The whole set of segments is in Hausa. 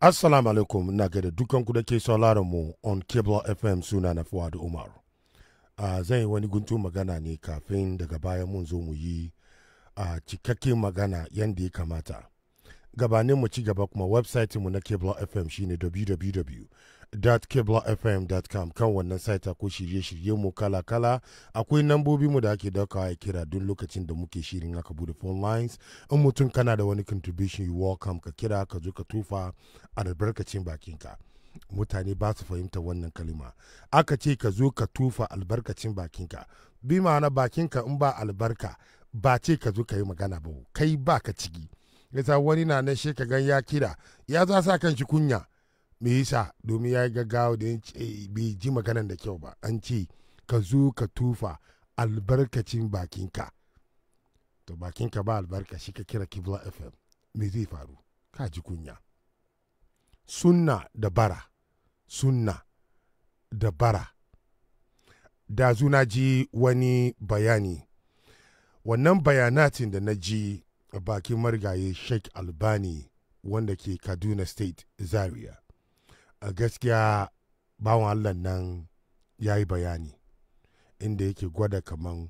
Assalamu alaikum na gada dukkan ku da ke sauraron mu on cable FM suna na da Umar. Uh, zan yi wani guntun magana ne kafin daga baya mun zo mu yi uh, cikakken magana yadda ya kamata. Gabanin mu ci gaba kuma website mu na cable FM shine www www.kiblafm.com kan wannan saita ko shirye-shirye mu kala-kala akwai nambobi mu da ake daukawa ya kira duk lokacin da muke shirin aka bude phone lines in mutum kana da wani contribution you welcome ka kira ka zo ka tufa albarkacin bakinka mutane ba su fahimta wannan kalima aka ce ka zo ka tufa albarkacin bakinka bi ma'ana bakinka in ba albarka ba ce ka zo ka yi magana ba kai ba ka ciki wani na na shi ka gan ya kira ya za sa kunya me yasa domin ya yi gaggawa da bai ji maganan da kyau ba an ce ka zo ka tufa albarkacin bakinka to bakinka ba albarka shi ka kira kibla fm me zai faru ka ji kunya sunna da bara sunna da bara da zuna ji wani bayani wannan bayanatin da na ji bakin marigaye sheikh albani wanda ke kaduna state zaria a gaskiya bawan allah nan ya yi bayani inda yake gwada kaman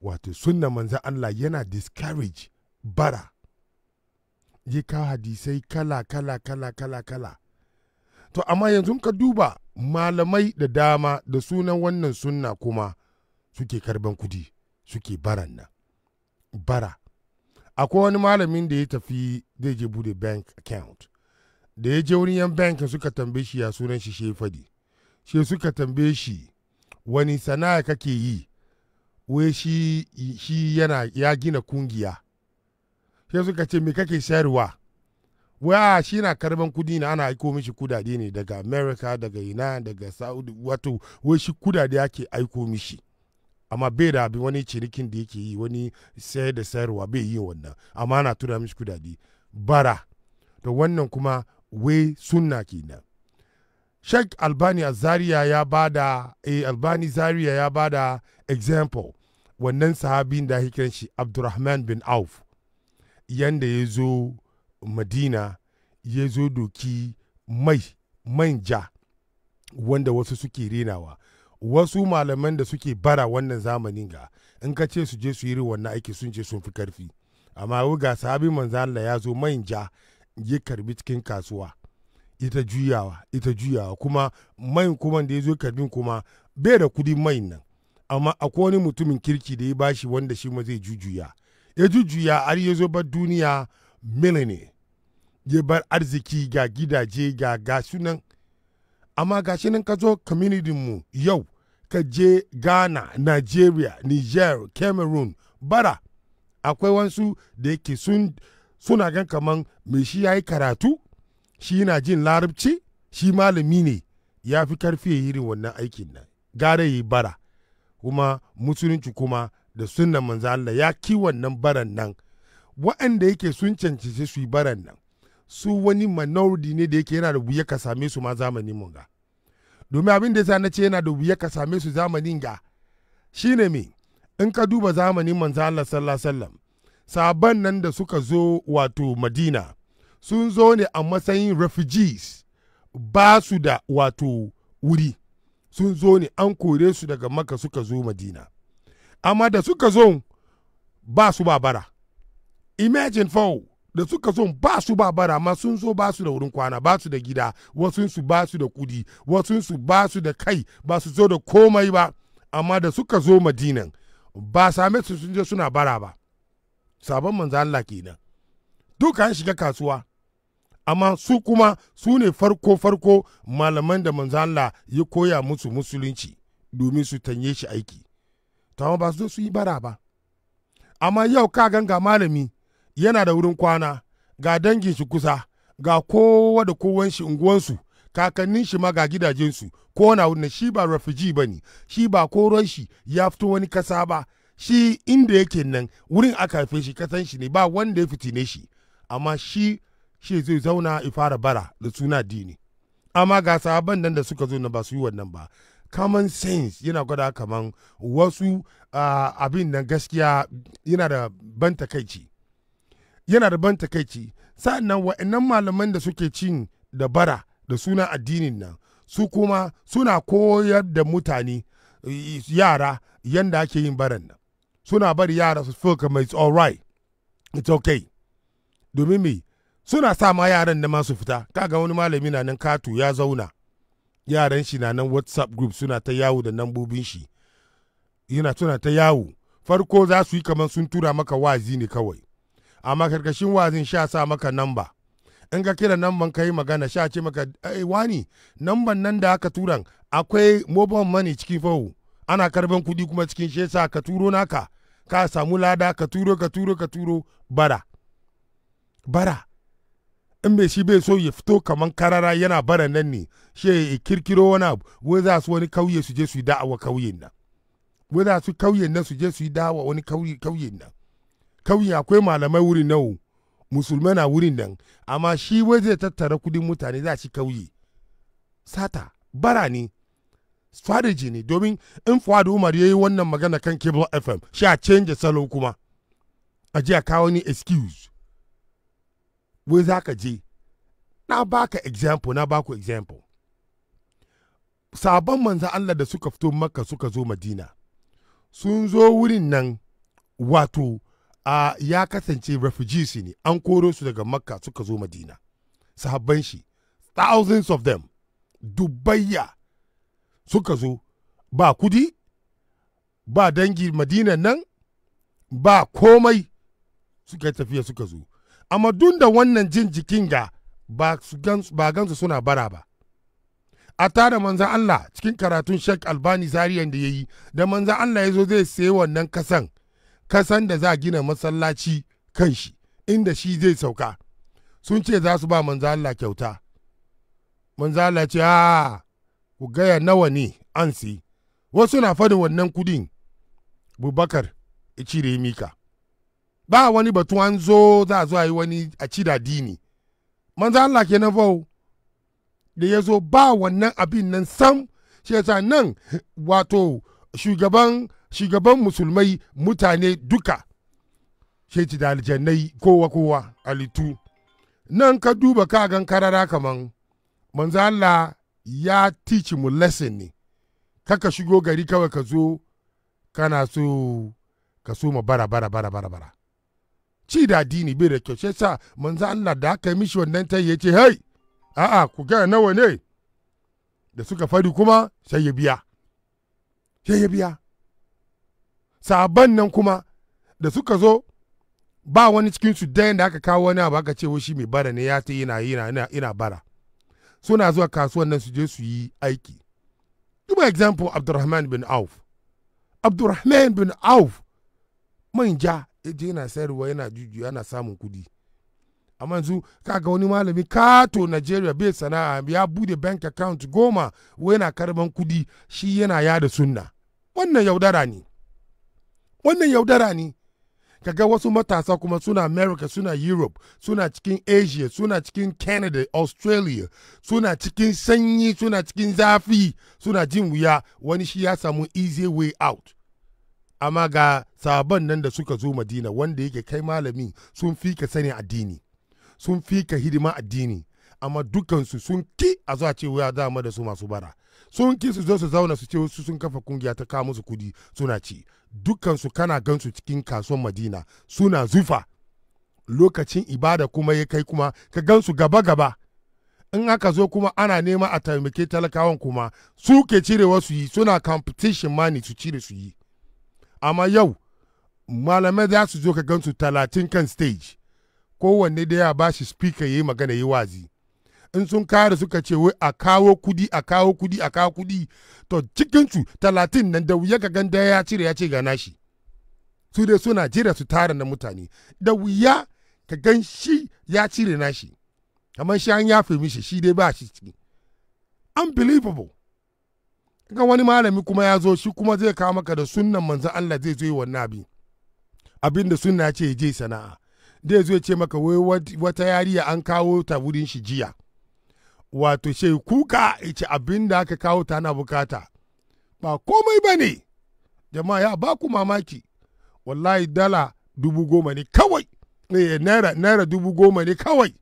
wato sunna manzan allah yana discourage bara yi kawo hadisai kala kala kala kala kala to amma yanzu ka duba malamai da dama da sunan wannan sunna kuma suke karban kudi suke baran nan bara akwai wani malamin da ya tafi zai je bude bank account da ya je wani yan bank suka tambaye shi ya sunan shi shi fadi shi suka tambaye shi wani sana'a kake yi wai shi shi yana ya gina kungiya shi suka ce me kake sayarwa wa ah, shi na karban kudi na ana aiko mishi kudade ne daga america daga ina daga saudi wato wai shi kudade ake aiko mishi amma bai da abin wani cinikin da yake yi wani sayar da sayarwa bai yi wannan amma ana tura mishi kudade bara to wannan kuma we sunna kenan sheikh albani zaria ya bada e albani zaria ya bada example wannan sahabin da kiran shi abdurrahman bin auf yanda ya zo madina ya zo doki mai manja wanda wasu suke renawa wasu malaman da suke bara wannan zamanin ga in ka ce su je su yi wannan aiki sun ce sun fi karfi amma ga sahabi manzala ya zo manja ya karbi cikin kasuwa ita juyawa ita juyawa kuma mayin kuma da ya zo karbin kuma bai da kudi mai nan amma akwai wani mutumin kirki da ya bashi wanda shi ma zai jujuya ya jujuya har ya zo bar duniya ne ya bar arziki ga gidaje ga gasu nan amma gashi nan ka zo mu yau ka je ghana nigeria niger cameroon bara akwai wansu da yake sun suna gan kaman mai shi ya yi karatu shi na jin larabci shi malami ne ya fi karfi ya yi wannan aikin nan gara yi bara kuma musulunci kuma da sunna manzo Allah ya ki wannan baran nan waɗanda yake sun cancanci su yi baran nan su wani minority ne da yake yana da wuya ka same su ma zamanin mu ga domin abin da ya na ce yana da wuya ka same su zamanin ga shine me in ka duba zamanin manzo Allah sallallahu alaihi wasallam saban nan da suka zo wato madina sun zo ne a matsayin refugees ba su da wato wuri sun zo ne an kore su daga maka suka zo madina amma da suka zo ba su ba bara imagine fau da suka zo ba su ba bara ma sun zo ba su da wurin kwana ba su da gida su ba su da kudi su ba su da kai ba su zo da komai ba amma da suka zo madinan ba same su sun je suna bara ba sabon manzo Allah kenan duka an shiga kasuwa amma su kuma su ne farko farko malaman da manzo Allah ya koya musu musulunci domin su tanye shi aiki to ba su su yi bara ba amma yau ka ganga malami yana da wurin kwana ga dangin shi kusa ga kowa da kowan shi unguwansu kakannin shi ma ga gidajensu ko na shi ba rafiji ba ne shi ba koron shi ya fito wani kasa ba shi inda yake nan wurin aka haife shi kasan shi ne ba wanda ya fitine shi amma shi shi zai zauna ya fara bara da suna dini amma ga sahaban nan da suka zo na ba su yi wannan ba common sense yana gwada kaman wasu abin nan gaskiya yana da ban takaici yana da ban takaici sa'annan wa'annan malaman da suke cin da bara da suna addinin nan su kuma suna koyar da mutane yara yadda ake yin baran nan suna bari yara su feel kamar it's alright it's okay domin me suna sa ma yaran da ma su fita kaga wani malami na nan katu ya zauna yaran shi na nan whatsapp group suna ta yawo da nambobin shi yana suna ta yawo farko za su yi kamar sun tura maka wazi ne kawai amma karkashin wazin sha sa maka namba in ka kira namban ka yi magana sha ce maka wani namban nan da aka turan akwai mobile money cikin fahu ana karban kuɗi kuma cikin shi yasa ka turo naka ka samu lada ka turo ka turo ka turo bara bara in bai shi bai so ya fito kaman karara yana bara nan ne shi ya kirkiro wani abu wai za su wani kauye su je su yi da'awa kauyen nan wai za su kauyen nan su je su yi da'awa wani kauyen nan kauye akwai malamai wurin nan musulmai na wurin nan amma shi wai zai tattara kudin mutane za shi kauye sata bara ne strategy ne domin in Fuad Umar ya yi wannan magana kan Cable FM shi a canja salo kuma a ji a kawo ni excuse wai za ka je na baka example na baku example sabon manza Allah da suka fito makka suka zo madina sun zo wurin nan wato a ya kasance refugees ne an koro su daga makka suka zo madina sahabban shi thousands of them dubayya suka zo ba kudi ba dangi madinan nan ba komai suka yi tafiya suka zo amma duk da wannan jin jikin ga ba gansu suna bara ba a tare manzan Allah cikin karatun Sheikh Albani Zariyan da ya yi da manzan Allah ya zo zai sayi wannan kasan kasan da za a gina masallaci kan shi inda shi zai sauka sun ce za su ba manzan Allah kyauta manzan Allah ce a ku gaya nawa ne an sai wasu na fadin wannan kudin bubakar cire mika ba wani batu an zo za a zo a yi wani a ci da dini manzo Allah ke da ya zo ba wannan abin nan sam shi yasa nan wato shugaban shugaban musulmai mutane duka shi da aljannai kowa kowa alitu nan ka duba ka gan karara kaman manzo Allah ya teach mu lesson ne kaka shigo gari kawai ka zo kana so ka so ma bara bara bara bara bara ci da dini bai da kyau sai sa manzo Allah da aka yi mishi wannan tayi yace hey a'a ku ga nawa ne da suka fari kuma sai ya biya sai ya biya saban nan kuma da suka zo ba wani cikin su da aka kawo wani abu aka ce shi mai bara ne ya ta yana yana yana bara suna zuwa kasuwan nan su je su yi aiki duba example abdurrahman bin auf abdurrahman bin auf manja je yana sayarwa yana juju yana samun kudi amma yanzu kaga wani malami kato nigeria bai sana'a ya bude bank account goma yana karban kudi shi yana yada sunna wannan yaudara ne wannan yaudara ne kaga wasu matasa kuma suna america suna europe suna cikin asia suna cikin canada australia suna cikin sanyi suna cikin zafi suna jin wuya wani shi ya samu easy way out amma ga sabon nan da suka zo madina wanda yake kai malami sun fi ka sani addini sun fi ka hidima addini amma dukansu sun ki a zuwa cewa za da su masu bara sun ki su zo su zauna su ce su sun kafa kungiya ta kawo musu kudi suna ci su kana gan su cikin kasuwar madina suna zufa lokacin ibada kuma ya kai kuma ka gan su gaba gaba in aka zo kuma ana nema a taimake talakawan kuma su ke cirewa su yi suna competition mani su cire su yi amma yau malamai za su zo ka gan su talatin kan stage kowanne da ya ba shi speaker ya yi magana yi wazi in sun kare suka ce wai a kawo kudi a kawo kudi a kawo kudi to cikin su talatin nan da wuya ka ganda ya cire ya ce ga nashi su dai suna jira su tara na mutane da wuya ka gan shi ya cire nashi kamar shi an yafe mishi shi dai ba shi ciki unbelievable ga wani malami kuma ya zo shi kuma zai kawo maka da sunnan manza Allah zai zo yi wannan abin abin da sunna ce je sana'a zai zo ce maka wai wata yariya an kawo ta wurin shi jiya wato shai kuka ce abin da aka kawo tana na bukata ba komai ba ne jama'a ya ba ku mamaki wallahi dala dubu goma ne kawai eh, naira naira dubu goma ne kawai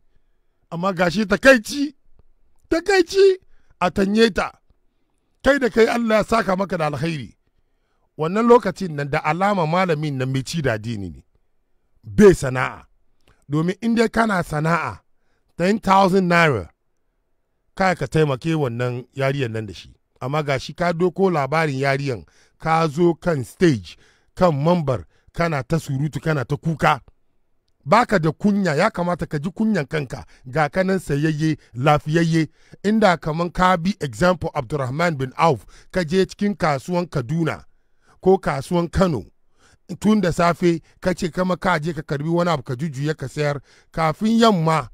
amma gashi takaici takaici a tanye ta kai da kai Allah ya saka maka da alkhairi wannan lokacin nan da alama malamin na mai ci da dini ne bai sana'a domin inda kana sana'a 10,000 naira kai ka taimake wannan yariyan nan da shi amma ga shi ka doko labarin yariyan ka zo kan stage kan mambar kana ta surutu kana ta kuka baka da kunya ya kamata ka ji kunyan kanka ga kanan sayayye lafiyayye inda kaman ka bi example abdurrahman bin auf ka je cikin kasuwan kaduna ko kasuwan kano tun da safe ka ce kama ka je ka karbi wani abu ka jujjuya ka sayar kafin yamma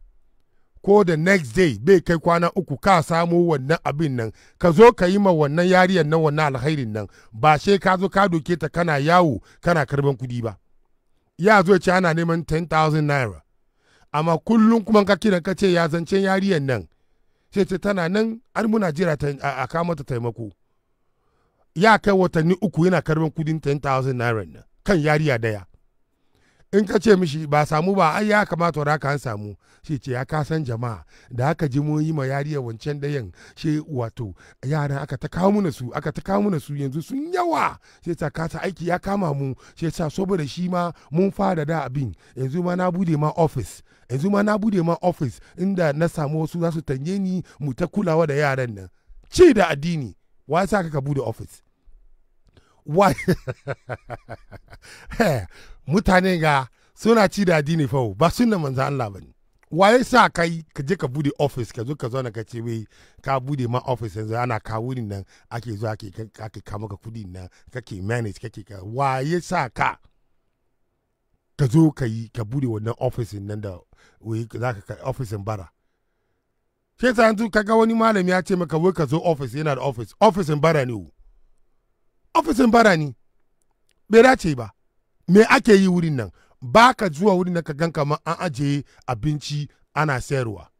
ko da next day bai kai kwana uku ka samu wannan abin nan ka zo ka yi ma wannan yariyar nan wannan alkhairin nan ba she ka zo ka doke ta kana yawo kana karban kudi ba ya zo ya ce ana neman 10,000 naira amma kullum kuma ka kiran ka ce ya zancen yariyar nan sai ce tana nan an muna jira a kawo mata taimako ya kai watanni uku yana karban kudin 10,000 naira nan kan yariya daya in ka ce mishi ba samu ba ai ya kamata da ka samu shi ce ya kasan jama'a da aka ji mun yi ma yariya wancan dayan shi wato yaran aka ta kawo mana su aka ta kawo mana su yanzu sun yawa sai ta kasa aiki ya kama mu sai ta saboda shi ma mun fara da abin yanzu ma na bude ma office yanzu ma na bude ma office inda na samu wasu za su tanye ni mu ta kulawa da yaran nan ce da addini wa sa ka bude office Eh, mutane ga suna ci da ne fa ba da manzan Allah ne waye sa kai ka je ka bude office ka zo ka na ka ce wai ka bude ma office yanzu ana kawo ni nan ake zo ake ake ka maka kudi nan kake manage kake ka waye sa ka ka zo ka yi ka bude wannan office nan da wai za ka kai office bara sai ta yanzu ga wani malami ya ce maka wai ka zo office yana da office office bara ne ofisin barani bai ce ba me ake yi wurin nan ba ka zuwa wurin nan ka gan kamar an ajiye abinci ana sayarwa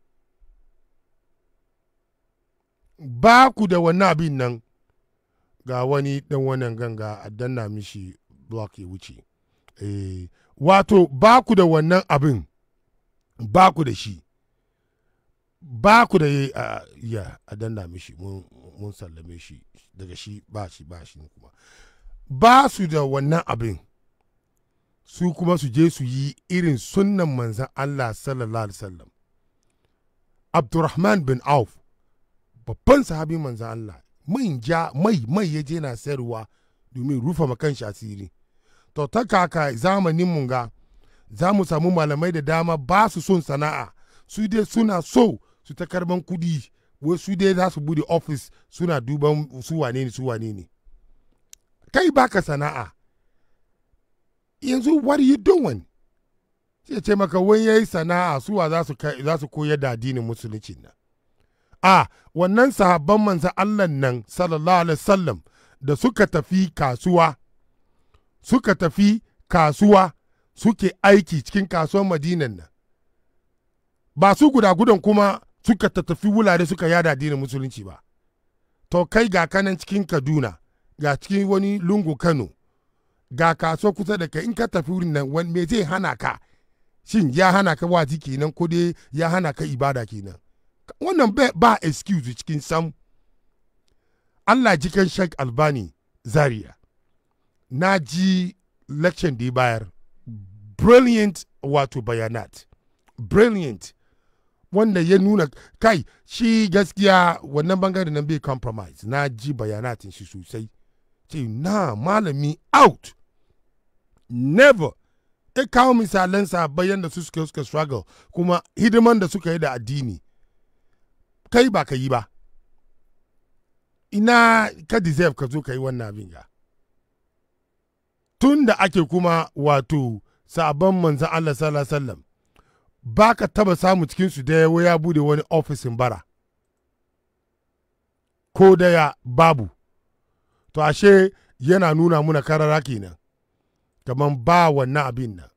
ba ku da wani abin nan ga wani dan wannan ganga a danna mishi block ya wuce eh, wato ba ku da wannan abin ba ku da shi ba ku da ya a danna mishi mun sallame shi daga shi ba shi ba shi kuma ba su da wannan abin su kuma su je su yi irin sunnan manzan Allah sallallahu alaihi wasallam Abdurrahman bin Auf babban sahabi manzan Allah mai ja mai mai ya je na sayarwa domin rufe makan shi asiri to ta kaka zamanin mun za mu samu malamai da dama ba su son sana'a su dai suna so su ta karban kudi wai su dai za su bude ofis suna duban su wane ne su wane ne kai baka sana'a yanzu what are you doing sai ce maka wai yayi sana'a suwa za su za su koyar da addinin musulunci na a wannan sahabban manzo Allah nan sallallahu alaihi wasallam da suka tafi kasuwa suka tafi kasuwa suke aiki cikin kasuwar madinan nan ba su guda gudan kuma suka tafi wulare suka yada addinin musulunci ba to kai ga kanan cikin kaduna ga cikin wani lungu kano ga kaso kusa da kai in ka tafi wurin nan wani me zai hana ka shin ya hana ka wazi kenan ko dai ya hana ka ibada kenan wannan ba excuse cikin sam Allah jikan Sheikh Albani Zaria na ji lecture da ya bayar brilliant wato bayanat brilliant wanda ya nuna kai shi gaskiya wannan bangare na bai compromise na ji bayanatin shi sosai ce na malami out never ya kawo misalan sabayan da su suka struggle kuma hidiman da suka yi da addini kai ba ka yi ba ina ka deserve ka zo ka yi wannan abin ga tun da ake kuma wato sabon manzan Allah sallallahu ba ka taba samu cikinsu da yawo ya bude wani ofisin bara ko daya babu to ashe yana nuna muna karara kenan kamar ba wannan abin nan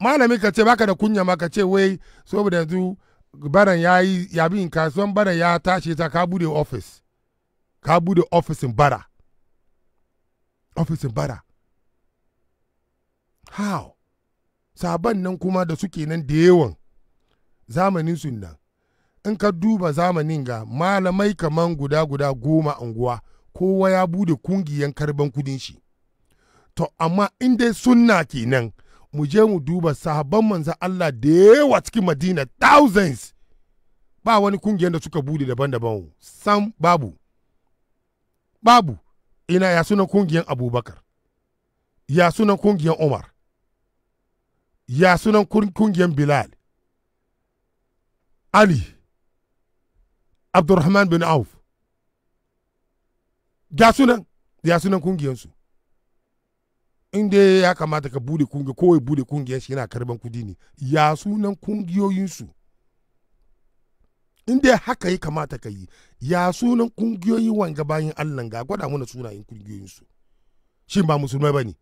malami ka ce baka da kunya ma ka ce wai saboda yanzu baran ya yi yabin kasuwan baran ya tashi ta ka bude ofis ka bude ofisin bara ofisin bara how saban nan kuma da suke nan da yawan zamanin sunna in ka duba zamanin ga malamai kaman guda guda goma anguwa kowa ya bude kungiyan karban kudin shi to amma in dai sunna kenan mu je mu duba sabon manzan Allah da yawa cikin Madina thousands ba wani kungiyan da suka bude daban-daban sam babu babu ina ya suna kungiyan Abubakar ya sunan kungiyar Umar ya sunan kungiyar bilal ali abdurrahman bin auf ga sunan ya sunan kungiyansu inda ya kamata ka bude kungiyar kowai bude kungiyar shi yana karban kudi ne ya sunan kungiyoyinsu inda haka ya kamata ka yi ya sunan kungiyoyi wanga bayan allah ga gwada mana sunayen kungiyoyinsu shin ba musulmai ba ne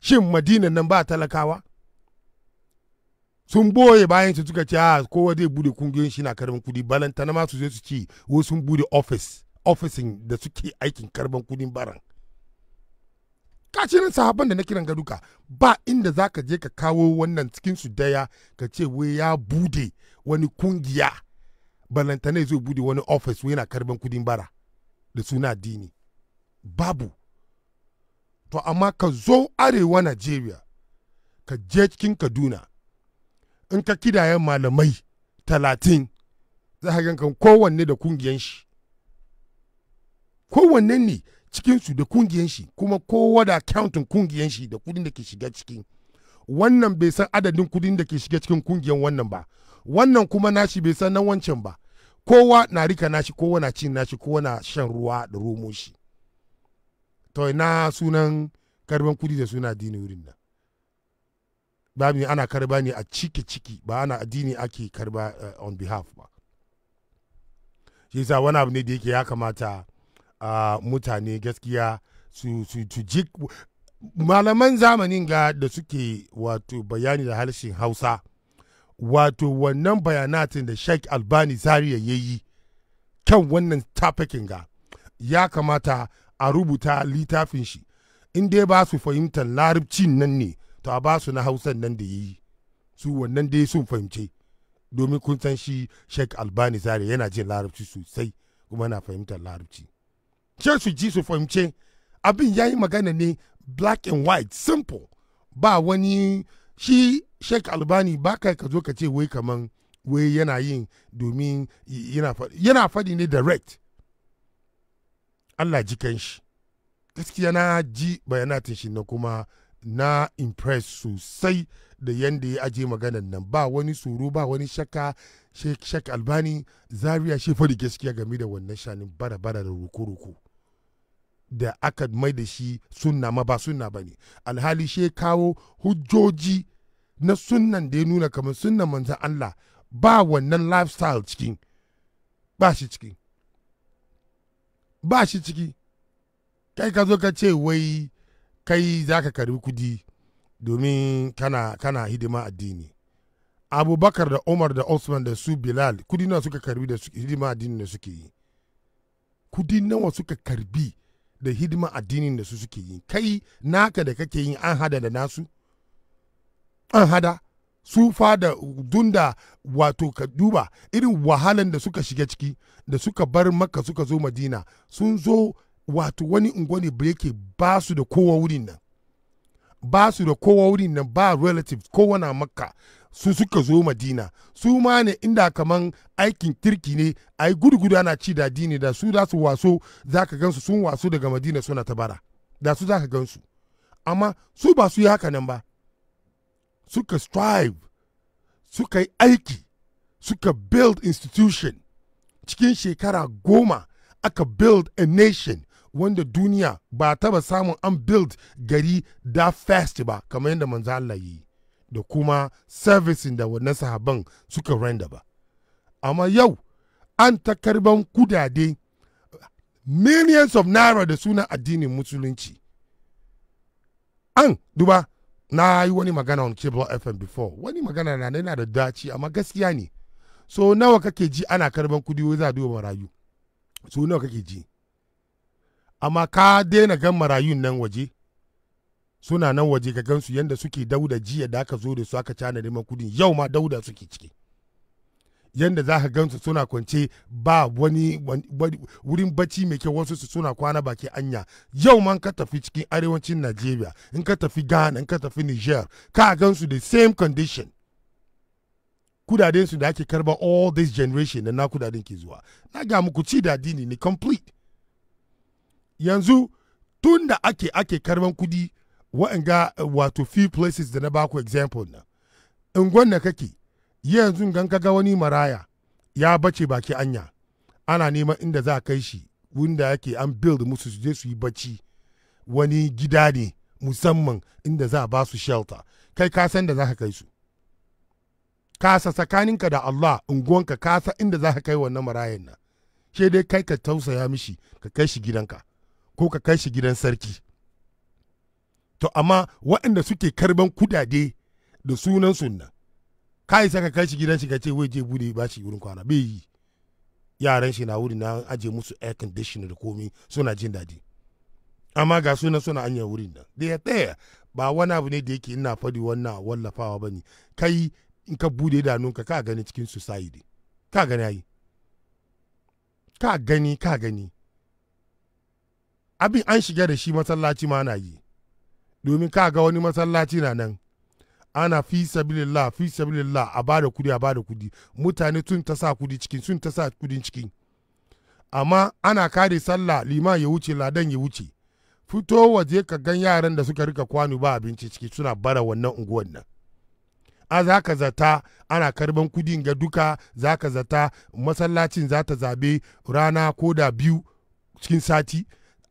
shin madina nan ba talakawa sun boye bayan su suka ce a ah, kowa zai bude kungiyoyin shi na karban kudi balanta ma su zai su ce wasu sun bude office ofisin da suke aikin karban kudin baran kacinin sahaban da na kiran ga duka ba inda za ka je ka kawo wannan cikin su daya ka ce wai ya bude wani kungiya na zai bude wani office wai yana karban kudin bara da suna dini babu to amma ka zo arewa nigeria ka je cikin kaduna in ka kidayen malamai talatin za ka kan kowanne da kungiyan shi kowanne ne cikinsu da kungiyan shi kuma kowa da accountin kungiyan shi da kudin da ke shiga cikin wannan bai san adadin kudin da ke shiga cikin kungiyan wannan ba wannan kuma nashi bai san na wancan ba kowa na rika nashi kowa na cin nashi kowa na shan ruwa da romo shi to ina sunan karban kudi da suna dini wurin nan babu ana karba ne a ciki ciki ba ana addini ake karba uh, on behalf ba shi yasa wani abu ne da yake ya kamata uh, mutane gaskiya su su su ji malaman zamanin ga da suke wato bayani da harshen hausa wato wannan bayanatin da sheikh albani zariya ya yi kan wannan tafakin ga ya kamata a rubuta littafin shi in dai ba su fahimtar larabcin nan ne to a ba su na hausan nan da ya yi su wannan dai sun fahimce domin kun san shi sheik albani zare yana jin larabci sosai kuma na fahimtar larabci ce su ji su fahimce abin ya yi magana ne black and white simple ba wani shi sheik albani ba kai ka zo ka ce wai kaman wai yana yin domin yana faɗi ne direct allah ji kan shi gaskiya na ji bayanatin shi na kuma na impress sosai da yadda ya aje maganan nan ba wani tsoro ba wani shakka shek albani zaria shi fadi gaskiya game da wannan shanin bara-bara da roko-roko da aka mai da shi sunna ma ba sunna ba ne alhali shi kawo hujjoji na sunnan da ya nuna kamar sunnan manzan allah ba wannan lifestyle cikin ba shi ciki ba shi ciki kai ka zo ka ce wai kai za ka karbi kudi domin kana, kana hidima addini abubakar da umar da osman da su bilal kudi nawa suka karbi da hidima addini da suke yi kudi nawa suka karbi da hidima addinin da su suke yi kai naka da kake yi an hada da nasu an hada su da dunda wato ka duba irin wahalan da suka shiga ciki da suka bar maka suka zo madina sun zo wato wani unguwa ne yake ba su da kowa wurin nan ba su da kowa wurin nan ba relative kowa na makka su suka zo madina su ma ne inda kaman aikin kirki ne a yi gudu ana ci da dini da su za su waso za ka gansu sun waso daga madina suna ta bara da su za ka gansu amma su ba su yi haka nan ba suka strive suka yi aiki suka build institution cikin shekara goma aka build a nation wanda duniya ba taba samun an build gari da fast ba kamar yadda manzo Allah yi da kuma servicing da wannan sahaban suka renda ba amma yau an ta karban kudade millions of naira da sunan addinin musulunci an duba na yi wani magana on cable fm before wani magana na yana da daci amma gaskiya ne so nawa kake ji ana karban kudi za a duba marayu so nawa kake ji amma ka daina gan marayun nan waje suna nan waje ka gansu yadda suke dauda jiya da aka zo da su aka cana neman kudin yau ma dauda suke ciki yadda za ka gansu suna kwance ba wani wurin bacci mai kyau wasu suna kwana baki anya yau ma ka tafi cikin arewacin najeriya in ka tafi ghana in ka tafi niger ka gansu da same condition kudadensu su da ake karba all this generation na kudaden ke zuwa na ga muku ci da addini ne complete yanzu tun da ake ake karban kudi wa'anga wato few places da na baku example na in gwanna kake yanzu gan ga wani maraya ya bace baki anya ana neman inda za a kai shi wanda yake an build musu su je su yi bacci wani gida ne musamman inda za a ba su shelter kai ka san da za ka kai su kasa tsakaninka da Allah unguwanka kasa inda za ka kai wannan marayan nan shi dai kai ka tausaya mishi ka kai shi gidanka ko ka kai shi gidan sarki to amma waɗanda suke karban kudade da sunan sunna kai saka kai shi gidan shi ka ce wai je bude ba shi wurin kwana bai yi yaran shi na wuri na aje musu air conditioner da komi suna jin daɗi amma ga sunan suna anya wurin nan da ya tsaya ba wani abu ne da yake ina faɗi wannan wallafawa ba ne kai in ka bude idanunka ka gani cikin society ka gani ayi ka gani ka gani abin an shiga da shi masallaci ma na yi domin ka ga wani masallaci na nan ana fi sabilillah fi sabilillah a bada kudi a bada kudi mutane sun ta sa kudi cikin sun ta sa kudi cikin amma ana kare sallah liman ya wuce ladan ya wuce fito waje ka gan yaran da suka rika kwano ba abinci ciki suna bara wannan unguwan nan a za ka zata ana karban kudin ga duka za ka zata masallacin za ta zabe rana ko da biyu cikin sati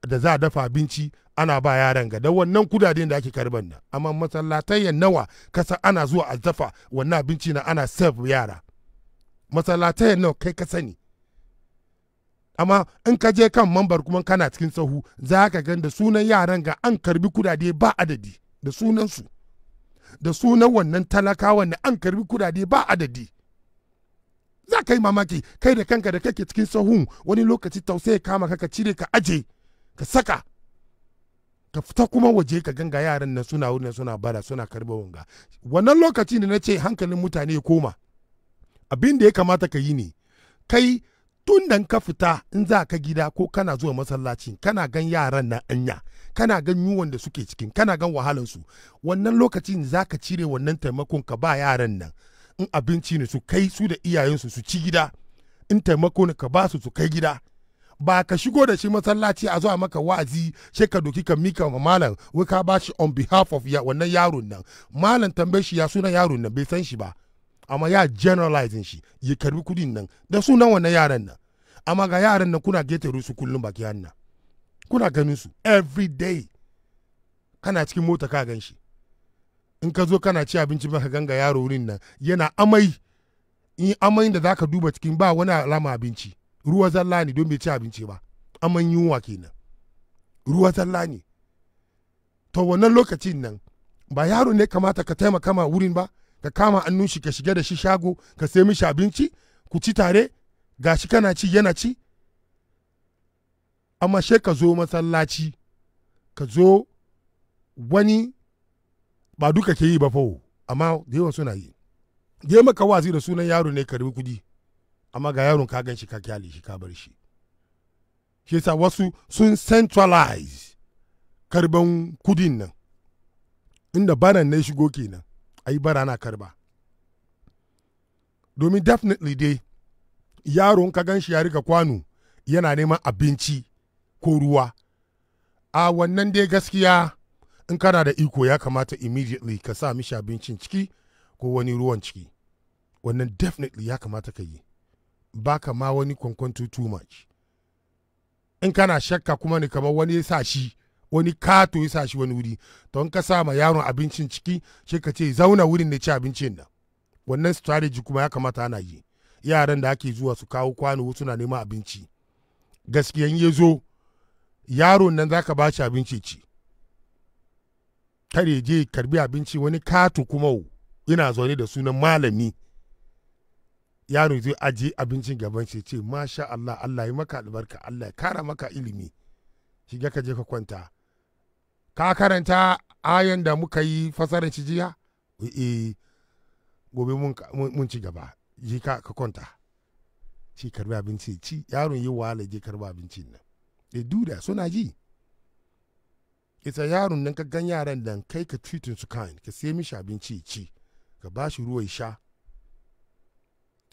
da za a dafa abinci ana ba yaran ga da wannan kudaden da ake karban nan amma ya nawa kasa ana zuwa a dafa wannan abinci na ana serve yara masallatayyan nawa kai ka sani amma in ka je kan mambar kuma kana cikin sahu za ka gan da sunan yaran ga an karbi kudade ba adadi da sunan su da sunan wannan talakawa ne an karbi kudade ba adadi za ka yi mamaki kai da kanka da kake cikin sahun wani lokaci tausayi kama ka cire ka aje ka saka ka fita kuma waje ka ganga yaran nan suna wurin suna bara suna karba wanga wannan lokaci ne na ce hankalin mutane ya koma abin da ya kamata ka yi ne kai tun da ka fita in za ka gida ko kana zuwa masallaci kana gan yaran na anya kana gan yunwan da suke cikin kana gan wahalan su wannan lokaci ne za ka cire wannan taimakon ka ba yaran nan in abinci ne su kai su da iyayensu su ci gida in taimako ka ba su su kai gida ba ka shigo da shi masallaci a zuwa maka wa'azi sai ka doki ka mika ma malam wai ka ba shi on behalf of ya wannan yaron nan malam tambaye shi ya sunan yaron nan bai san shi ba amma ya generalizing shi ya karbi kudin nan da sunan wannan yaran nan amma ga yaran nan kuna getare su kullum baki hannu kuna ganin su every day kana cikin mota ka gan shi in ka zo kana ci abinci ba ka ganga yaro wurin nan yana amai in amai da zaka duba cikin ba wani alama abinci ruwa zalla ne don bai ci abinci ba aman yunwa kenan ruwa zalla ne to wannan lokacin nan ba yaro ne kamata ka taimaka ma wurin ba ka kama annun shi ka shiga da shi shago ka sai mishi abinci ku ci tare ga shi kana ci yana ci amma she ka zo masallaci ka zo wani ba duka ke yi ba fawo amma da yawa suna yi je maka wazi da sunan yaro ne ka rubi kudi amma ga yaron ka ganshi shi ka kyale shi ka bar shi shi yasa wasu sun centralize karban kudin nan inda baran na shigo kenan a yi bara na karba domin definitely dai yaron ka ganshi ya rika kwano yana neman abinci ko ruwa a wannan dai gaskiya in kana da iko ya kamata immediately ka sa mishi abincin ciki ko wani ruwan ciki wannan definitely ya kamata ka yi baka ma wani kwankwanto too much in kana shakka kuma ne kamar wani ya sa shi wani kato ya sa shi wani wuri to in ka sa ma yaron abincin ciki shi ka ce zauna wurin da ci abincin nan wannan strategy kuma ya kamata ana yi yaran da ake zuwa su kawo kwano suna neman abinci gaskiyan ya zo yaron nan za ka ba shi abinci ci kare je karbi abinci wani kato kuma yana zaune da sunan malami yaro zai aji abincin gaban shi ce masha Allah Allah ya maka albarka Allah ya kara maka ilimi shiga ka je ka kwanta ka karanta ayan da muka yi fasarar shi jiya eh gobe mun ci gaba ji ka ka kwanta shi karbi abinci ci yaro yi wahala je karbi abincin nan they duda suna ji ita yaron nan ka gan yaran nan kai ka treatin su kan ka sai mishi abinci ci ka ba shi ruwa sha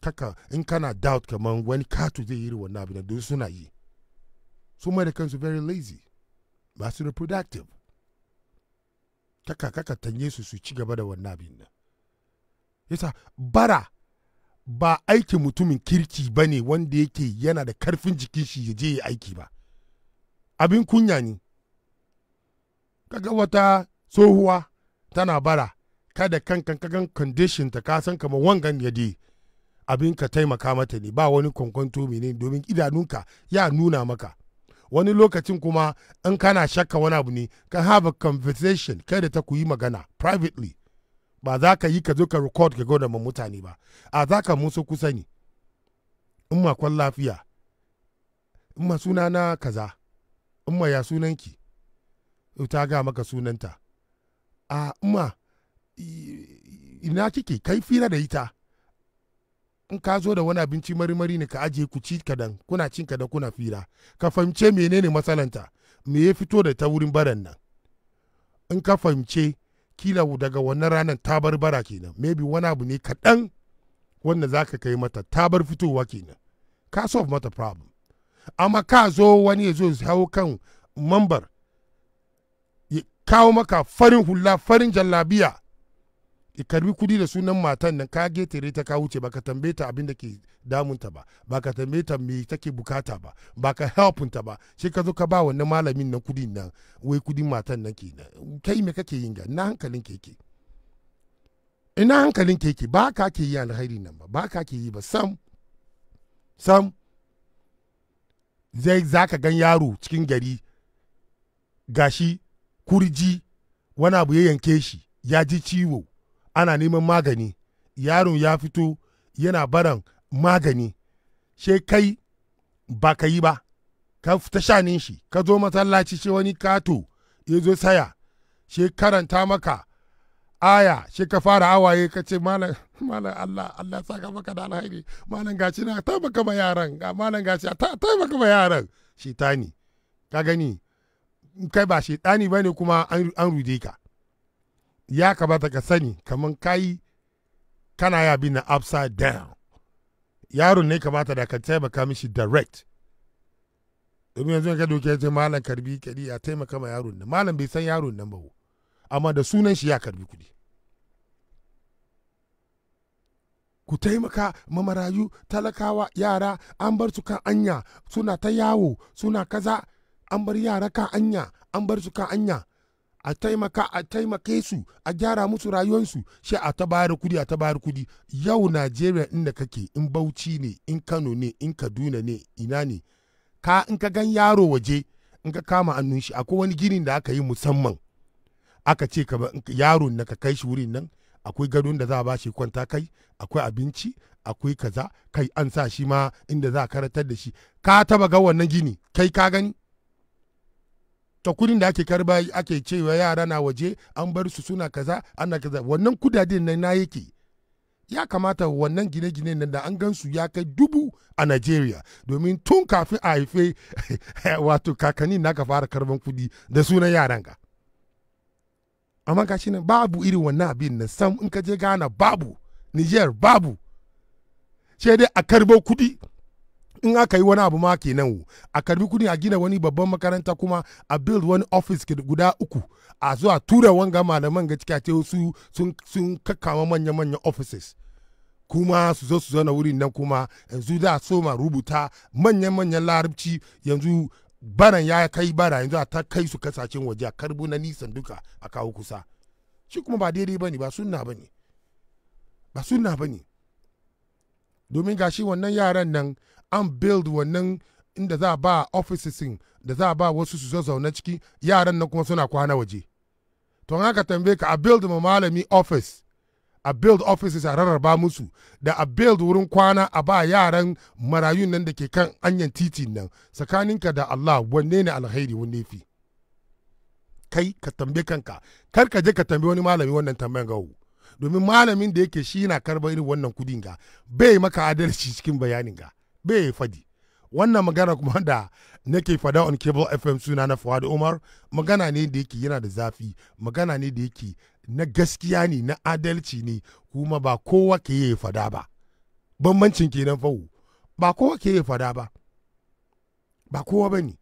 kaka in kana doubt kamar wani katu zai yi wannan abin don suna yi su mai da kansu very lazy ba su reproductive kaka kaka tanye su su ci gaba da wannan abin nan yasa bara ba aikin mutumin kirki ba ne wanda yake yana da karfin jikin shi ya je ya aiki ba abin kunya ne kaga wata tsohuwa tana bara kada kankan kagan condition ta kasan kamar wangan ya dai abin ka taimaka mata ne ba wani kwankwanto ne domin idanunka ya nuna maka wani lokacin kuma in kana shakka wani abu ne ka have a conversation kai da ta ku yi magana privately ba za ka yi ka zo ka record ka gwada ma mutane ba a za ka musu kusa ne in ma kwan lafiya in ma suna na kaza in ma ya sunanki ta ga maka sunanta a in ma ina kike kai fira da ita in ka zo da wani abinci marmari ne ka ajiye ku ci kadan kuna cin kadan kuna fira ka fahimce menene matsalanta me ya fito da ta wurin baran nan in ka fahimce kila daga wannan ranar ta bar bara kenan maybe wani abu ne kaɗan wanda za ka kai mata ta bar fitowa kenan ka solve mata problem amma ka zo wani ya zo hau kan mambar kawo maka farin hula farin jallabiya karbi kudi da sunan matan nan ka getare ta ka wuce baka tambaye ta abin da ke damunta ba baka tambaye ta me take bukata ba baka ta ba shi ka zo ka ba wannan malamin nan kudin nan wai kudin matan nan ke nan kai me kake yin ga na hankalin ke ke ina hankalin ke ke ba ka ke yi alheri nan ba ba ka ke yi ba sam sam zai zaka gan yaro cikin gari gashi kurji wani abu ya yanke shi ya ji ciwo ana neman magani yaron ya fito yana baran magani she kai ba ka yi ba ka fita shanin shi ka zo masallaci shi wani kato ya zo saya she karanta maka aya she ka fara awaye ka ce malam Allah Allah ka maka da alhairi malam gashi na taimaka ma yaran ga malam gashi ta taimaka ma yaran shitani ka gani kai ba shitani bane kuma an rude ka ya kamata ka sani kamar kayi kana ya bi na upside down yaron ne kamata da ka taimaka mishi direct domin yanzu ka doke ce malam karbi kadi ya taimaka ma yaron nan malam bai san yaron nan ba amma da sunan shi ya karbi kudi ku taimaka ma talakawa yara an bar su kan anya suna ta yawo suna kaza an bar yara kan anya an bar su kan anya a taimaka a taimake su a gyara musu rayuwarsu shi a ta bayar kudi a ta bayar kudi yau najeriya inda kake in bauchi ne in kano ne in kaduna ne ina ne ka in ka gan yaro waje in ka kama hannun shi akwai wani ginin da aka yi musamman aka ce ka yaron na ka kai shi wurin nan akwai gadon da za a ba shi kwanta kai akwai abinci akwai kaza kai an sa shi ma inda za a karatar da shi ka taba ga wannan gini kai ka gani ta kudin da ake karba ake cewa yara na waje an bar su suna kaza ana kaza wannan kudaden na na yake ya kamata wannan gine-gine nan da an gan su ya kai dubu a Najeriya domin tun kafin a haife wato kakanni naka fara karban kudi da sunan yaran ka amma ka shi babu irin wannan abin nan sam in ka je Ghana babu Niger babu sai dai a karbo kudi in aka yi wani abu ma kenan a karbi kudi a gina wani babban makaranta kuma a build wani office guda uku a zuwa tura wanga malaman ga cika ce su sun kakkawa manya manya offices kuma su zo su zauna wurin nan kuma yanzu za da soma rubuta manyan-manyan larabci yanzu baran ya kai bara yanzu a ta kai su kasashen waje a karbo na nisan duka a kawo kusa shi kuma ba daidai bane ba sunna bane ba sunna bane domin gashi wannan yaran nan an build wannan inda za a ba offices da za a ba wasu su zauna ciki yaran nan kuma suna kwana waje to haka tambaye ka a build ma malami office a build offices a rarraba musu da a build wurin kwana a ba yaran marayun nan da ke kan anyan titin nan tsakaninka da Allah wanne ne alkhairi wanne fi kai ka tambaye kanka kar ka je ka tambaye wani malami wannan tambayan gawo domin malamin da yake shi na karba irin wannan kudin ga bai maka adalci cikin bayanin ga bai fadi wannan magana kuma da nake fada on cable fm suna na fawad umar magana ne da yake yana da zafi magana ne da yake na gaskiya ne na adalci ne kuma ba kowa ke yi fada ba bambancin kenan fawo ba kowa ke yi fada ba ba kowa ba ne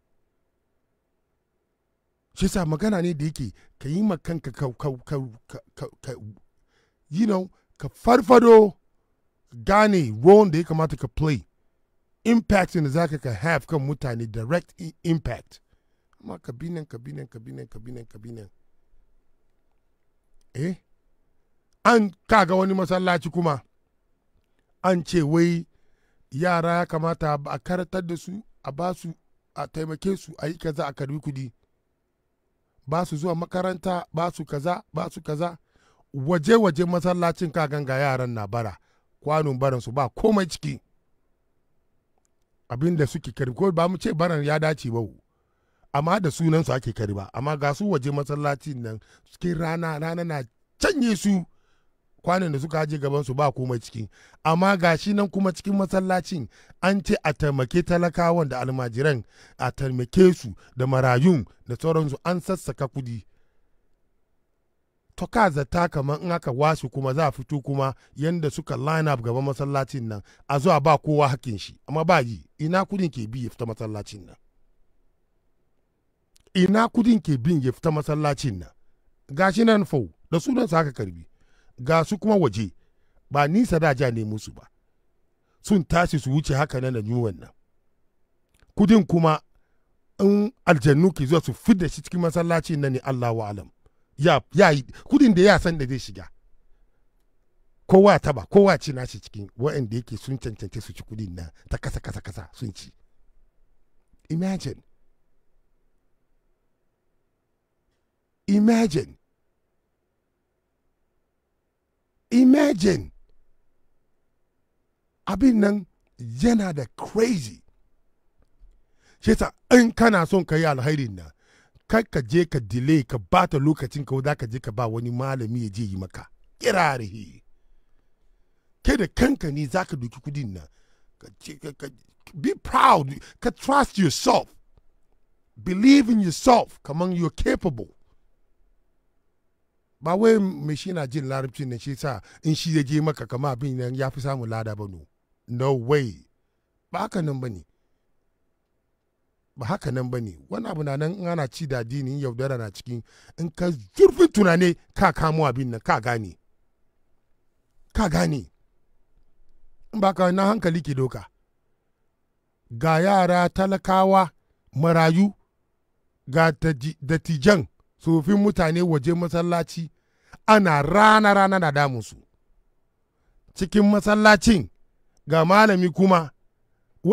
shi sa magana ne da yake ka yi makanka ka you know ka farfado gane role da ya kamata ka play impactin da zaka ka have kan mutane direct impact amma kabinan kabinan kabinan kabinan kabinan eh an kaga wani masallaci kuma an ce wai yara ya kamata a karatar da su a ba su a taimake su a yi kaza a karbi kudi ba su zuwa makaranta ba su kaza ba su kaza waje-waje masallacin kagan ga yaran na bara kwanon baransu ba komai ciki abin da suke kari ko ba mu ce baran ya dace ba amma da sunan su ake kari ba amma ga su waje masallacin nan suke rana rana na canye su kwanan da suka je gaban su ba komai cikin amma ga shi nan kuma cikin masallacin an ce a taimake talakawan da almajiran a taimake su da marayun da sauransu an sassaka kudi to ka zata kamar in aka wasu kuma za a fito kuma yanda suka line up gaba masallacin nan a zuwa ba kowa hakin shi amma ba yi ina kudin ke bi ya fita masallacin nan ina kudin ke bin ya fita masallacin nan shi nan fau da sunan sa aka karbi ga su kuma waje ba nisa da ja ne su ba sun tashi su wuce haka nan da yiwuwan nan kudin kuma in aljannu ke zuwa su fidda shi cikin masallacin nan ne allahu alam ya ya kudin da ya san da zai shiga kowa taba kowa ci nashi cikin waɗanda yake sun cancanta su ci kudin na ta kasa kasa kasa sun ci imagine imagine imagine abin nan yana da crazy shi in kana son ka yi alhairin nan Kar ka je ka delay ka bata lokacin ka za ka je ka ba wani malami ya je yi maka kirarihi ke da kanka ne za ka doki kudin nan be proud ka trust yourself believe in yourself kaman you're capable ba wai mai shi na jin larabcin na shi sa in shi ya je maka kama abin nan ya fi samun lada ba no no way ba haka nan ba ne ba haka nan ba ne wani abu na nan in ana ci da dini yaudara na cikin in ka zurfin tunane ka kamo abin nan ka gane ka gane in ba ka na hankali ke doka ga yara talakawa marayu ga dattijan tsofin mutane waje masallaci ana rana rana na damunsu cikin masallacin ga malami kuma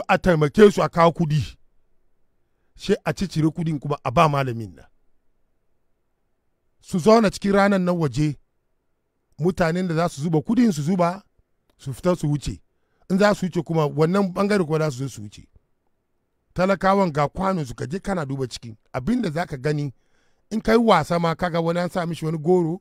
a taimake su a kawo kudi sai a cicire kudin kuma a ba malamin nan su zauna cikin ranar nan waje mutanen da za su zuba kudin su zuba su fita su wuce in za su wuce kuma wannan bangare kuma za su zo su wuce talakawan ga kwano su je kana duba cikin abinda da za ka gani in kai wasa ma kaga wani an sa mishi wani goro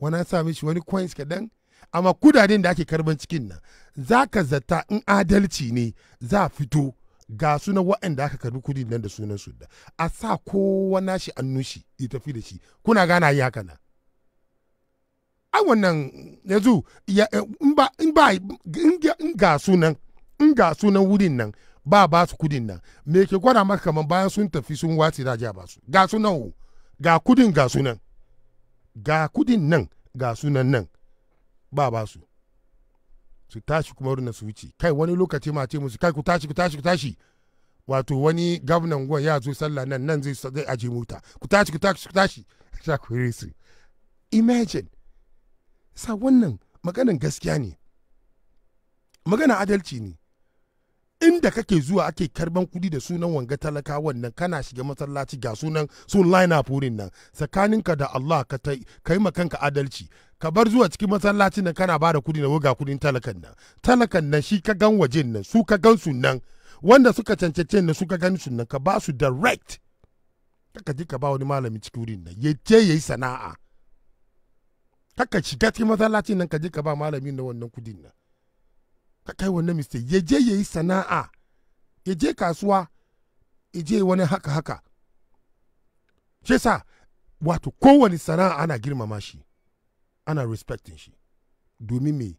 wani an sa mishi wani coins kaɗan amma kudaden da ake karban cikin nan za ka zata in adalci ne za fito ga sunan waɗanda aka karbi kudi nan da sunan su da a sa kowa nashi annushi ya tafi da shi kuna gana yi haka na ai wannan yanzu in ba in ga sunan in ga sunan wurin nan ba ba su kudin nan me ke gwada maka kamar bayan sun tafi sun wace da ba su ga sunan ga kudin ga sunan ga kudin nan ga sunan nan ba ba su su tashi kuma wurin su wuce kai wani lokaci ma ce musu kai ku tashi ku tashi ku tashi wato wani gwamnan gwan ya zo sallah nan nan zai zai aje mota ku tashi ku tashi ku tashi sha ku su imagine sa wannan maganan gaskiya ne magana adalci ne inda kake zuwa ake karban kudi da sunan wanga talaka wannan kana shiga masallaci ga sunan sun line up wurin nan tsakaninka da Allah ka kai kanka adalci ka bar zuwa cikin masallaci nan kana bada kudi na waga kudin talakan nan talakan nan shi ka gan wajen nan su ka gan su wanda suka cancance nan su ka gan sunan ka ba su direct kaka ji ka ba wani malami cikin wurin nan ya je yayi sana'a kaka shiga cikin masallacin nan ka je ka ba malamin na wannan kudin nan ka kai wannan mista ya je ya yi sana'a ya kasuwa ya wani haka haka shi sa wato kowane sana'a ana girmama shi ana respecting shi domin me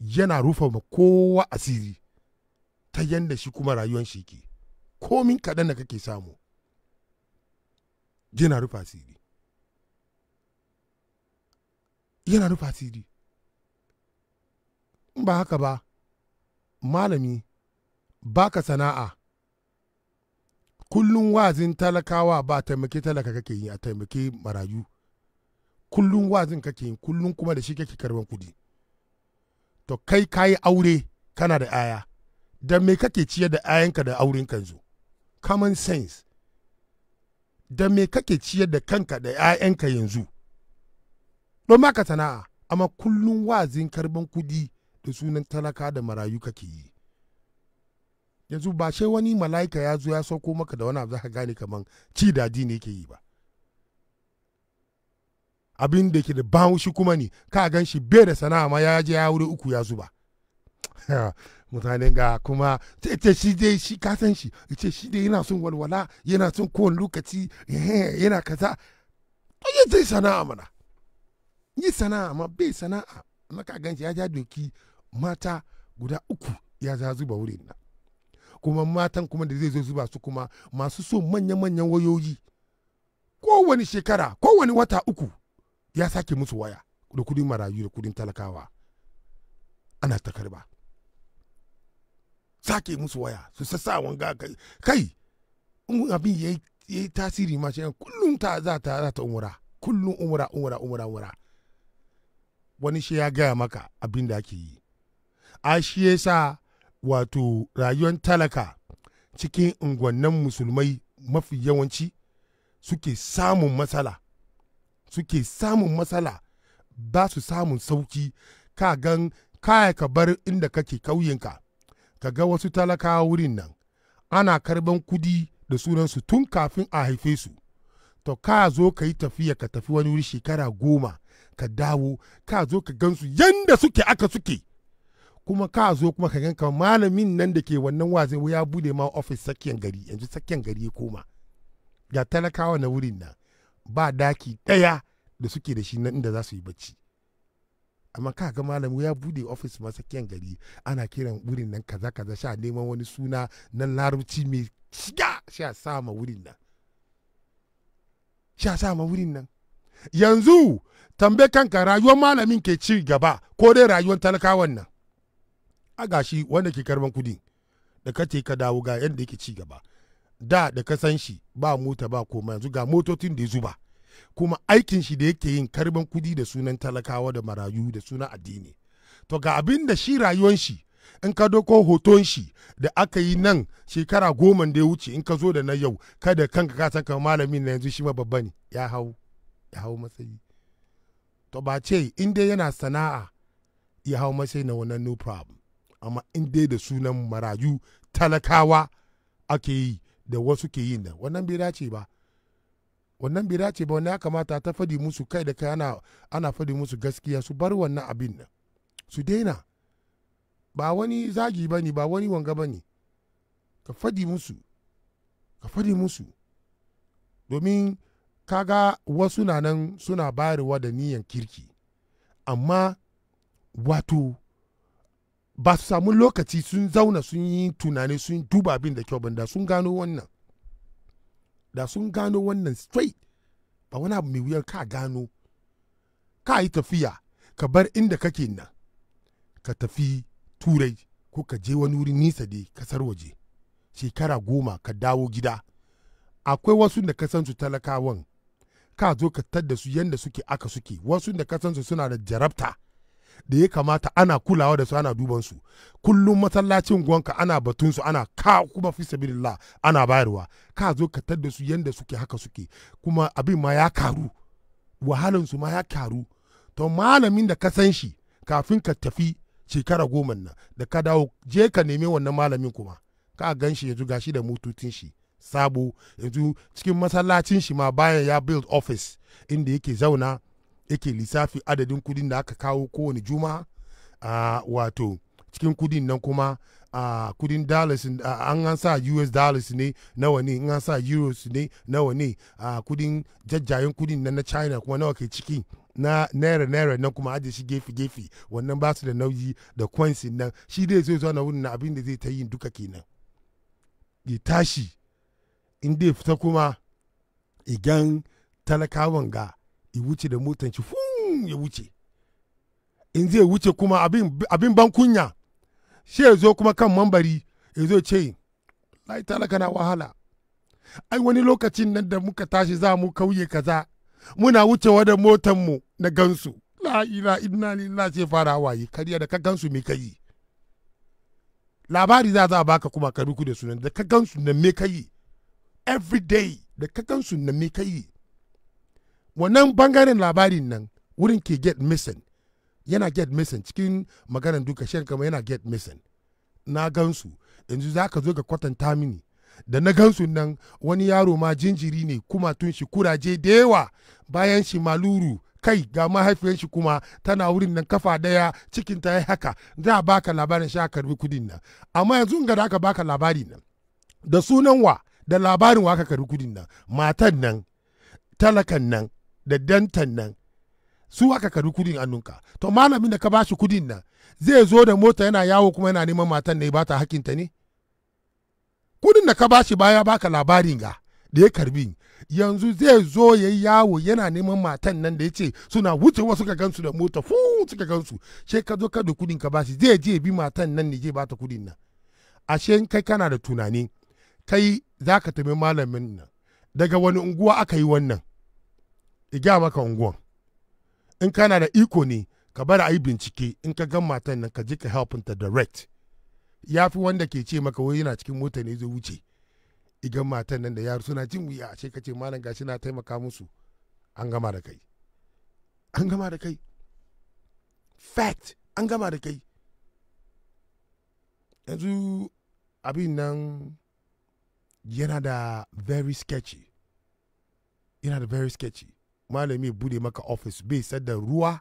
yana rufe ma kowa asiri ta yanda shi kuma rayuwar shi ke komin kaɗan da kake samu yana rufa asiri yana rufa asiri in ba haka ba malami baka sana'a kullum wazin talakawa ba taimake talaka kake yi a taimake marayu kullum wazin kake yi kullum kuma da shi kake karban kudi to kai kayi aure kana da aya da me kake ciyar da ayanka da auren kanzu common sense da me kake ciyar da kanka da 'ya'yanka yanzu don maka sana'a amma kullum wazin karban kudi da sunan talaka da marayu kake yi yanzu ba sai wani mala'ika ya zo ya sauko maka da wani abu zaka gane kaman ci dadi ne yake yi ba abin da ke da bawo shi kuma ne ka gan shi bai da sana'a ma ya je ya wuri uku ya zuba mutane ga kuma ce shi dai shi kasan shi ce shi dai yana son walwala yana son kowane lokaci yana kaza ya sana'a mana yi sana'a ma bai sana'a maka gan shi ya ja doki mata guda uku ya za zuba wurin na kuma matan kuma da zai zo zuba su kuma masu so manya-manyan wayoyi kowane shekara kowane wata uku ya sake musu waya da kudin marayu da kudin talakawa ana ta karba sake musu waya su sassa wanga kai in abin ya yi tasiri ma shi kullum ta za ta za ta umura kullum umura umura umura umura wani shi ya gaya maka abin da ake yi a shi sa wato rayuwar talaka cikin unguwannin musulmai mafi yawanci suke samun matsala suke samun matsala ba su samun sauki ka gan kaya ka bar inda kake kauyenka ka ga wasu talaka wurin nan ana karban kudi da sunansu tun kafin a haife su to ka zo ka yi tafiya ka tafi wani wuri shekara goma ka dawo ka zo ka gansu yanda suke aka suke kuma ka zo kuma ka ganka malamin nan da ke wannan wazai ya bude ma ofis sakiyan gari yanzu sakiyan gari ya koma ga talakawa na wurin nan ba daki ɗaya da suke da shi nan inda za su yi bacci amma ka ga malamin ya bude ofis ma kyan gari ana kiran wurin nan kaza kaza sha neman wani suna na larabci mai shiga sha sama wurin nan sha sama wurin nan yanzu tambe kanka rayuwar malamin ke ci gaba ko dai rayuwar talakawan nan a gashi wanda ke karban kudin da ka ce ka dawo ga yadda yake ci gaba da da ka san shi ba mota ba koma yanzu ga motocin da ya zuba kuma aikin shi da yake yin karban kudi da sunan talakawa da marayu da sunan addini to ga abin da shi rayuwan shi in ka doko hoton shi da aka yi nan shekara goma da ya wuce in ka zo da na yau kada kanka ka san malamin na yanzu shi ma babba ne ya hau ya hau matsayi to ba ce in dai yana sana'a ya hau matsayi na wannan no problem amma in dai da sunan marayu talakawa ake yi da wasu ke yin nan wannan bai dace ba wannan bai dace ba wannan ya kamata ta fadi musu kai da kai ana, ana fadi musu gaskiya su bar wannan abin nan su daina ba wani zagi ba ne ba wani wanga ba ne ka fadi musu ka fadi musu domin kaga wasu na nan suna bayarwa da niyan kirki amma wato ba su samu lokaci sun zauna sun yi tunani sun duba abin da kyau ban da sun gano wannan da sun gano wannan straight ba wani abu mai wuyar ka gano ka yi tafiya ka bar inda kake nan ka tafi turai ko ka je wani wuri nisa dai kasar waje shekara goma ka dawo gida akwai wasu da kasansu talakawan ka zo ka tadda su yadda suke aka suke wasu da kasansu suna da jarabta da ya kamata ana kulawa da su ana duban su kullum masallacin gwanka ana batun su ana ka kuma fi sabilillah ana bayarwa ka zo ka tadda su yanda suke haka suke kuma abin ma ya karu wahalan su ma ya karu to malamin da ka san shi kafin ka tafi shekara goma nan da ka dawo je ka nemi wannan malamin kuma ka gan shi yanzu gashi da mututun shi sabo yanzu cikin masallacin shi ma bayan ya build office inda yake zauna yake lissafi adadin kudin da aka kawo kowane juma'a a wato cikin kudin nan kuma a kudin dollars an an sa us dollars ne nawa ne an sa euros ne nawa ne a kudin jajjayen kudin nan na china kuma nawa ke ciki na naira naira nan kuma ajiye shi gefe gefe wannan ba su da nauyi da coins nan shi dai zai zo na wurin abin da zai ta yin duka kenan ya tashi in dai fita kuma igan talakawan ga ya wuce da motan shi fun ya wuce in zai wuce kuma abin ban kunya shi ya zo kuma kan mambari ya zo ce lai talaka na wahala ai wani lokacin nan da muka tashi za mu kauye kaza muna wucewa da motan mu na gansu la ila inna lillahi sai fara waye kariya da ka gansu me kai labari za za baka kuma ka ruku da sunan da ka gansu na me kai every day da ka gansu na me kai wannan bangaren labarin nan wurin ke get missing yana get missing cikin maganar duka shan kama yana get missing na gansu yanzu za ka zo ka kwatanta mini da na gansu nan wani yaro ma jinjiri ne kuma tun shi kuraje da yawa bayan shi maluru kai ga mahaifiyar shi kuma tana wurin nan kafa daya cikin ta haka za baka labarin sha karbi kudin nan amma yanzu ga da aka baka labarin nan da sunan wa da labarin wa aka karbi kudin nan matan nan talakan nan da dantan nan su aka kari kudin annunka to malamin da ka ba shi kudin nan zai zo da mota yana yawo kuma yana neman matan ne ba ta hakinta ne kudin da ka ba shi baya baka labarin ga da ya karbi yanzu zai zo ya yi yawo yana neman matan nan da ya ce suna wucewa suka gansu da mota fu suka gansu she ka zo ka da kudin ka ba shi zai je bi matan nan ne je bata kudin nan ashe kai kana da tunani kai za ka malamin nan daga wani unguwa aka yi wannan iga maka unguwan in kana da iko ne ka bari a yi bincike in ka gan matan nan ka ji ka helpinta direct ya fi wanda ke ce maka wai yana cikin mota ne zai wuce igan matan nan da yaro suna jin wuya a ka ce malam gashi na taimaka musu an gama da kai an gama da kai fact an gama da kai yanzu abin nan yana da very sketchy yana da very sketchy malami bude maka ofis bai da ruwa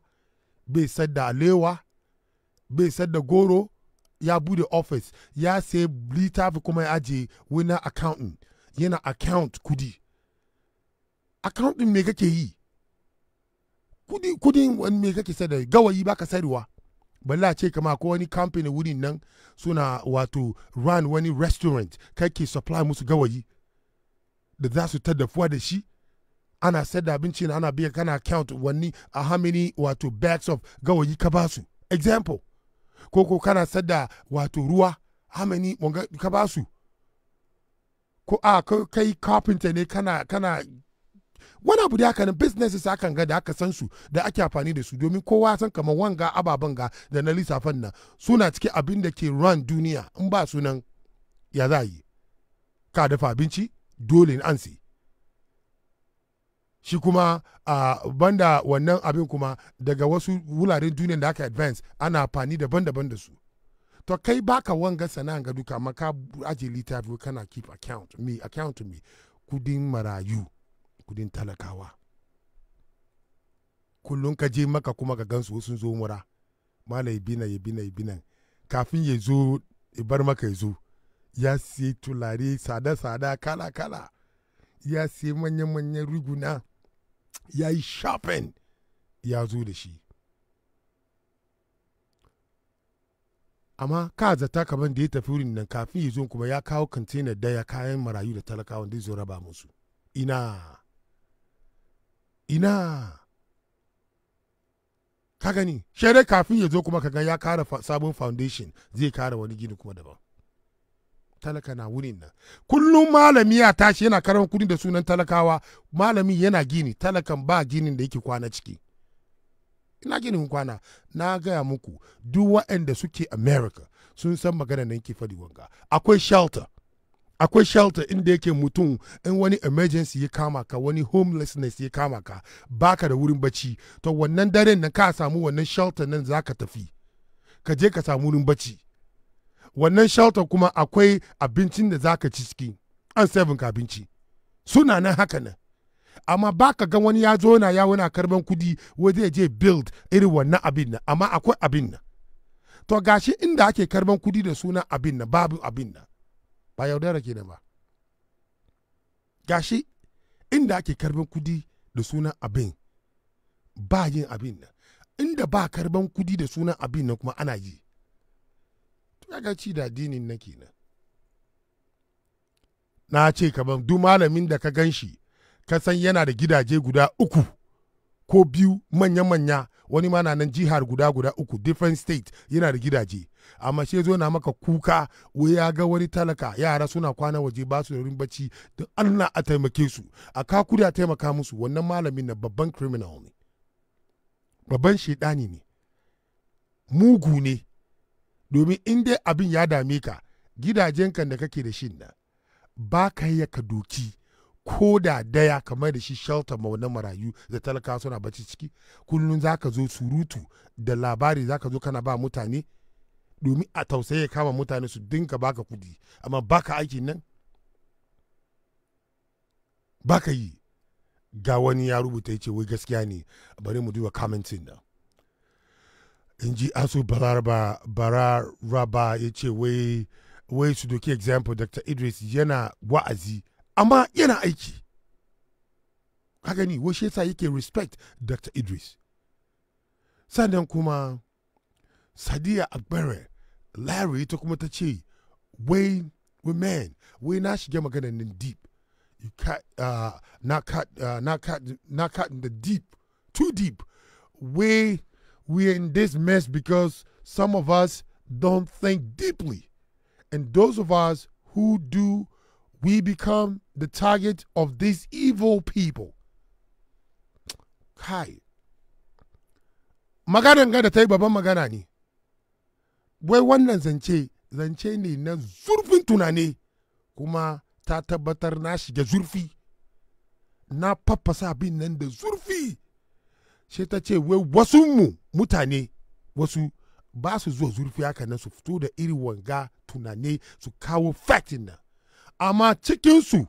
bai da alewa bai da goro ya bude ofis ya sai littafi kuma ya ajiye wani accountant yana account kudi account din me kake yi kudi kudi wani me kake da gawayi baka sayarwa balla ce kama ko wani kamfani wurin nan suna wato run wani restaurant kake ke supply musu gawayi da za su tadafuwa da shi ana sayar da abinci ana biya kana count wani a how many wato bags of gawayi ka basu example ko ko kana sayar da wato ruwa how many wanga ka basu ko a kai carpenter ne kana kana wani abu da haka nan businesses akan ga da aka san su da ake amfani da su domin kowa san kamar wanga ababen ga da na lissafan nan suna cike abin da ke run duniya in ba sunan ya za yi ka dafa abinci dole an sai shi kuma a banda wannan abin kuma daga wasu wuraren duniya da aka advance ana fani daban-daban da su to kai baka wanga sana ga duka amma ka aje littafi kana keep account me account me kudin marayu kudin talakawa kullum ka je maka kuma ka gansu sun zo mura malai bina ya bina ya bina kafin ya zo ya bar maka ya zo ya siye tulare sada-sada kala-kala ya siye manyan-manyan riguna ya yi shafen ya zo da shi amma ka zata kamar da ya tafi wurin nan kafin ya zo kuma ya kawo kantena daya kayan marayu da talakawa da zo raba musu ina ina ka gani shere kafin ya zo kuma ga ya kara sabon foundation zai kara wani gini kuma daban talaka na wurin nan kullum malami ya tashi yana karan kudi da sunan talakawa malami yana gini talakan ba ginin da yake kwana ciki ina ginin kwana na gaya muku duk waɗanda suke america sun san magana nan ke faɗi wanga akwai shelter akwai shelter inda yake mutum in wani emergency ya kama ka wani homelessness ya kama ka baka da wurin bacci to wannan daren na ka samu wannan shelter nan zaka tafi ka je ka samu wurin bacci wannan shelter kuma akwai abincin da za ka ci ciki an seven ka abinci suna nan haka nan amma ba ka ga wani ya zo na ya wani karban kudi wai zai je build irin wannan abin nan amma akwai abin nan to gashi inda ake karban kudi da sunan abin nan babu abin nan ba yaudara nan ba gashi inda ake karban kudi da sunan abin ba yin abin nan inda ba karban kudi da sunan abin nan kuma ana yi ga ci da addinin na kenan na ce kamar duk malamin da ka gan shi ka san yana da gidaje guda uku ko biyu manya-manya wani ma na nan jihar guda guda uku different state yana da gidaje amma shi zo na maka kuka we ya ga wani talaka yara suna kwana waje ba su da wurin bacci don allah a taimake su a kakuri a taimaka musu wannan malamin na babban criminal ne babban shaidani ne mugu ne domin in dai abin ya dame ka gidajenka da kake da shi nan ba ka yi ka doki ko da daya kamar da shi shelter na marayu da talaka suna bacci ciki kullum za ka zo surutu da labari za ka zo kana ba mutane domin a tausaye kama mutane su dinka baka kudi amma baka aiki nan baka yi ga wani ya rubuta ya ce wai gaskiya ne bari mu duba commenting nan in ji asu balaraba bararaba ya ce wai su doki example dr idris yana wa'azi amma yana aiki ka gani shi yasa yake respect dr idris sannan kuma sadiya agbare larry ta kuma ta ce wai women wai na shiga maganar nan deep uh, uh, na cut na the deep too deep wai we're in this mess because some of us don't think deeply. And those of us who do, we become the target of these evil people. Kai. Maganan nga da ta yi babban magana ne, wai wannan zance, zance ne na zurfin tunani kuma ta tabbatar na shiga zurfi, na faffasa abin nan da zurfi, sai ta ce wai wasunmu mutane wasu ba su zuwa zurfi haka nan su fito da iri wanga tunane su kawo fatin nan amma cikinsu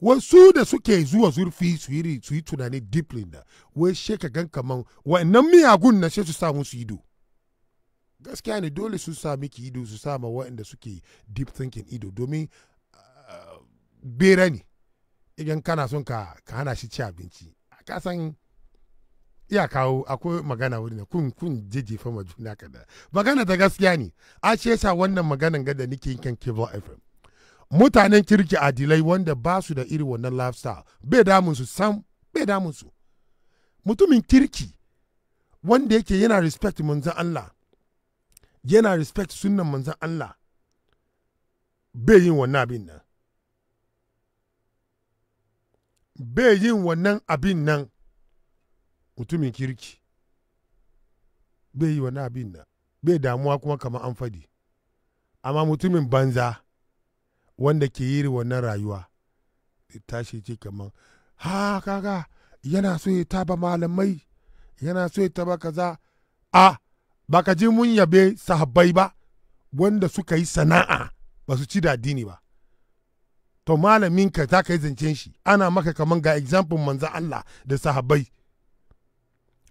wasu da suke zuwa zurfi su yi su tunani deeply da wai she ka gan kaman wa'annan miyagun na she su sa musu ido gaskiya ne dole su sa ki ido su sa ma wa'anda suke deep thinking ido domin ah, bera ne idan kana son ka hana shi ci abinci ka san iya kawo akwai magana wurin kun kun jijjifa ma juna kada magana ta gaskiya ne a ce sa wannan maganan ga da nake yin kan cable fm mutanen kirki adilai wanda ba su da iri wannan lifestyle bai damun su sam bai damun su mutumin kirki wanda yake yana respect manzan Allah yana respect sunnan manzan Allah bai yin wannan abin nan bai yin wannan abin nan mutumin kirki bai yi wani abin nan bai damuwa kuma kamar an fadi amma mutumin banza wanda ke yi wannan rayuwa tashi ce kamar ha kaga yana so ya taba malamai yana so ya taba kaza a baka ji mun yabe sahabbai ba wanda suka yi sana'a ba su ci da addini ba to malaminka za ka yi zancen shi ana maka kamar ga example manzan Allah da sahabbai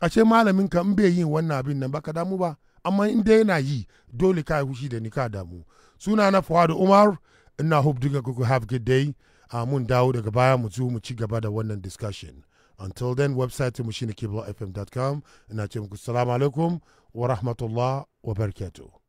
a ce malamin ka in bai yin wannan abin nan baka damu ba amma in dai yana yi dole ka hushi da ni ka damu suna na Fuad Umar ina hope duka kuku have good day a ah, mun dawo daga baya mu zo mu ci gaba da wannan discussion until then website mu shine kiblafm.com ina ce muku salamu alaikum wa rahmatullah wa barakatuh